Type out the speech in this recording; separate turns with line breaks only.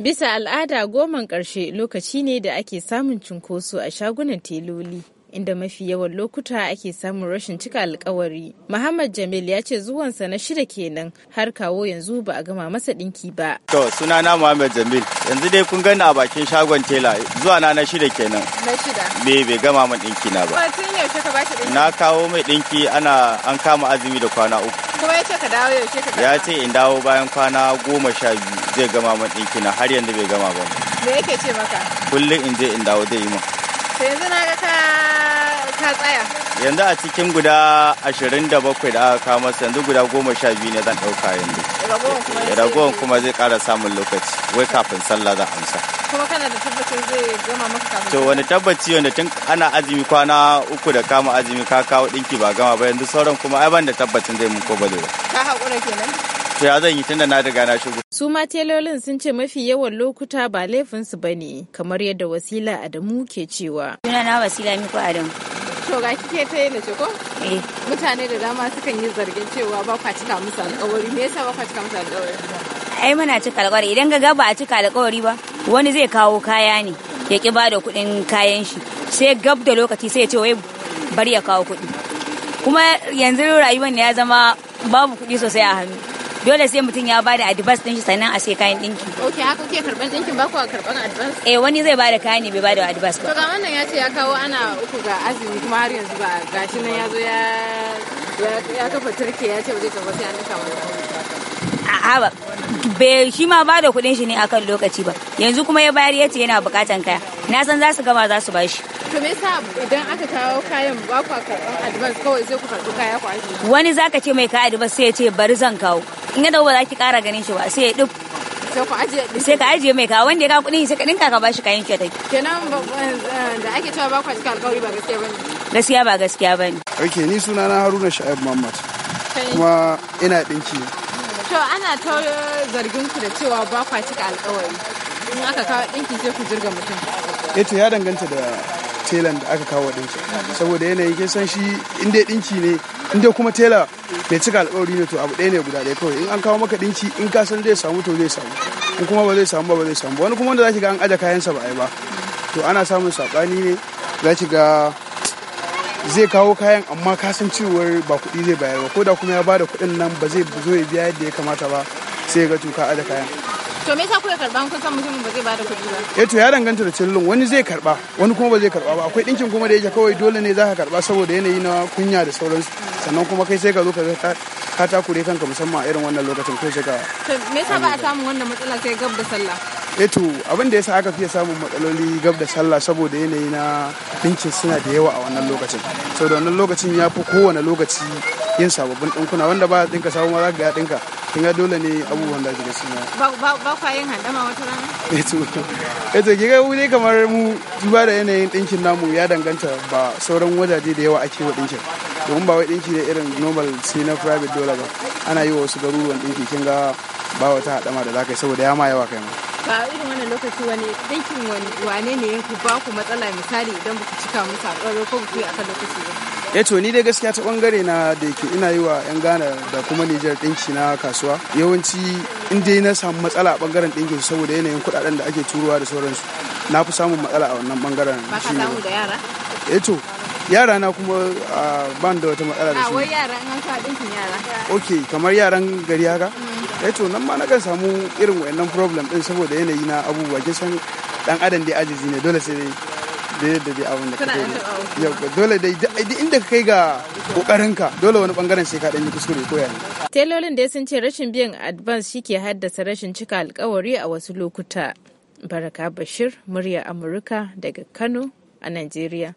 Bisa al'ada goman ƙarshe lokaci ne da ake samun cunkoso a shagunan teloli. inda mafi yawan lokuta ake samun rashin cika alkawari. Muhammad Jamil ya ce zuwansa na shida kenan har kawo yanzu ba a gama masa ɗinki ba.
To sunana Muhammad Jamil yanzu dai kun gani a bakin shagon tela zuwa na na shida kenan. Na shida. Me bai gama min ɗinki na ba. Ba tun yaushe ka bashi ɗinki. Na kawo mai ɗinki ana an kama azumi da kwana uku. Kuma ya ce ka dawo yaushe ka Ya ce in dawo bayan kwana goma sha biyu zai gama min ɗinki na har yanzu bai gama ba. Me yake ce maka? Kullum in je in dawo zai yi min. yanzu na ga ta tsaya yanzu a cikin guda 27 da aka kawo masa yanzu guda 12 ne zan ɗauka yanzu ragowar eh, kuma zai ƙara samun lokaci wai kafin sallah za amsa kuma kana da tabbaci zai gama maka kafin to wani tabbaci wanda tun ana azumi kwana uku da kama azumi ka kawo ɗinki ba gama ba yanzu sauran kuma ai ban da tabbacin zai mun ko ba zai
ka haƙura kenan
to ya zan yi tunda na riga na shigo
su ma telolin sun ce mafi yawan lokuta ba laifinsu ba ne kamar yadda wasila adamu ke cewa na wasila miko adamu
To ga kike ta yi ce ko? Eh. Mutane da dama sukan yi zargin cewa ba kwa cika musu alƙawari. Me yasa ba kwa cika musu alƙawari?
Ai muna cika alƙawari idan ga ba a cika alƙawari ba wani zai kawo kaya ne ya ki ba da kuɗin kayan shi sai gab da lokaci sai ya ce wai bari ya kawo kuɗi. Kuma yanzu rayuwar ne ya zama babu kuɗi sosai a hannu. dole sai mutum ya bada advance din shi sannan a sai kayan dinki okay haka kuke
karban dinkin ba ku karban advance
eh wani zai bada kayan ne bai bada advance ba
to ga wannan ya ce ya kawo ana uku ga azumi kuma har yanzu ba gashi nan ya zo ya ya kafa turke ya ce bai zai tabbata ya nika wani
a'a ba bai shi ma bada kuɗin shi ne akan lokaci ba yanzu kuma ya bayar yace yana bukatan kaya na san za su gama za su bashi
to me yasa idan aka kawo kayan ba ku karban advance kawai sai ku karbi kaya ku ajiye
wani zaka ce mai ka advance sai ya ce bari zan kawo in ya dawo ba za ki kara ganin shi ba sai ya dub sai ka ajiye mai ka wanda ya kawo kudin sai ka dinka ka bashi kayan kyautai
kenan da ake cewa ba ku cika alƙawari ba gaskiya bane
gaskiya ba gaskiya bane okay ni suna na Haruna Sha'ib Muhammad kuma
ina dinki
to ana ta zargin ku da cewa ba ku cika alƙawari in aka kawo dinki sai ku jirga mutum
eh to ya danganta da telan da aka kawo ɗinki saboda yanayi kin san shi in dai ɗinki ne in dai kuma tela mai cika alƙawari ne to abu ɗaya ne guda ɗaya kawai in an kawo maka dinki in ka san zai samu to zai samu in kuma ba zai samu ba ba zai samu wani kuma wanda zaki ga an aje kayansa ba ai ba to ana samun sabani ne zaki ga zai kawo kayan amma ka san cewar ba kuɗi zai bayar ba ko da kuma ya bada kuɗin nan ba zai zo ya biya yadda ya kamata ba sai ga to ka aje kayan
to me yasa kuka karba kun san mutumin ba zai bada kuɗi ba
eh to ya danganta da cillin wani zai karba wani kuma ba zai karba ba akwai dinkin kuma da yake kawai dole ne zaka karba saboda yanayi na kunya da sauransu sannan kuma kai sai ka zo ka ka kure kanka musamman a irin wannan lokacin kai sai ka
me yasa ba a samu wannan matsala sai gab da sallah
eh to abin da yasa aka fiye samun matsaloli gab da sallah saboda yanayi na dinkin suna da yawa a wannan lokacin saboda wannan lokacin ya fi kowane lokaci yin sababbin dinkuna wanda ba dinka sabon ma za ka ga dinka kin ga dole ne abubuwan da kika suna
ba kwa yin handama wata rana
eto eh eto eh kika wuri kamar mu duba da yanayin dinkin namu ya danganta ba sauran wajaje da yawa ake wa dinkin domin ba wai dinki da irin normal sai na private dollar ba ana yi wa wasu garuruwan dinki kin ga ba wata hadama da zaka yi saboda ya ma yawa kai ma
ba irin wannan lokaci wani dinkin wane ne ya ku ba ku matsala misali idan ba ku cika musu alƙawari ko ku yi aka lokaci ba
ya eh to ni dai gaskiya ta bangare na da yake ina yi wa yan gana da kuma Nijar dinki na kasuwa yawanci in dai na samu matsala a bangaren dinki saboda yanayin kudaden da ake turuwa da sauransu na fi samun matsala a wannan bangaren shi ne da yara eh to yara na kuma ban da wata matsala da su wai
yara an ka dinkin yara
okay kamar yaran gari haka ya mm. eh to nan ma na kan samu irin wayannan problem din saboda yanayi na abubuwa kin san dan adam dai ajizi ne dole sai dai da yadda dai abin da ka dole yau dole dai duk inda kai ga kokarinka dole wani bangaren sai ka danyi kuskure ko yayi
telolin da sun ce rashin biyan advance shi ke haddasa rashin cika alkawari a wasu lokuta baraka bashir murya amurka daga kano a najeriya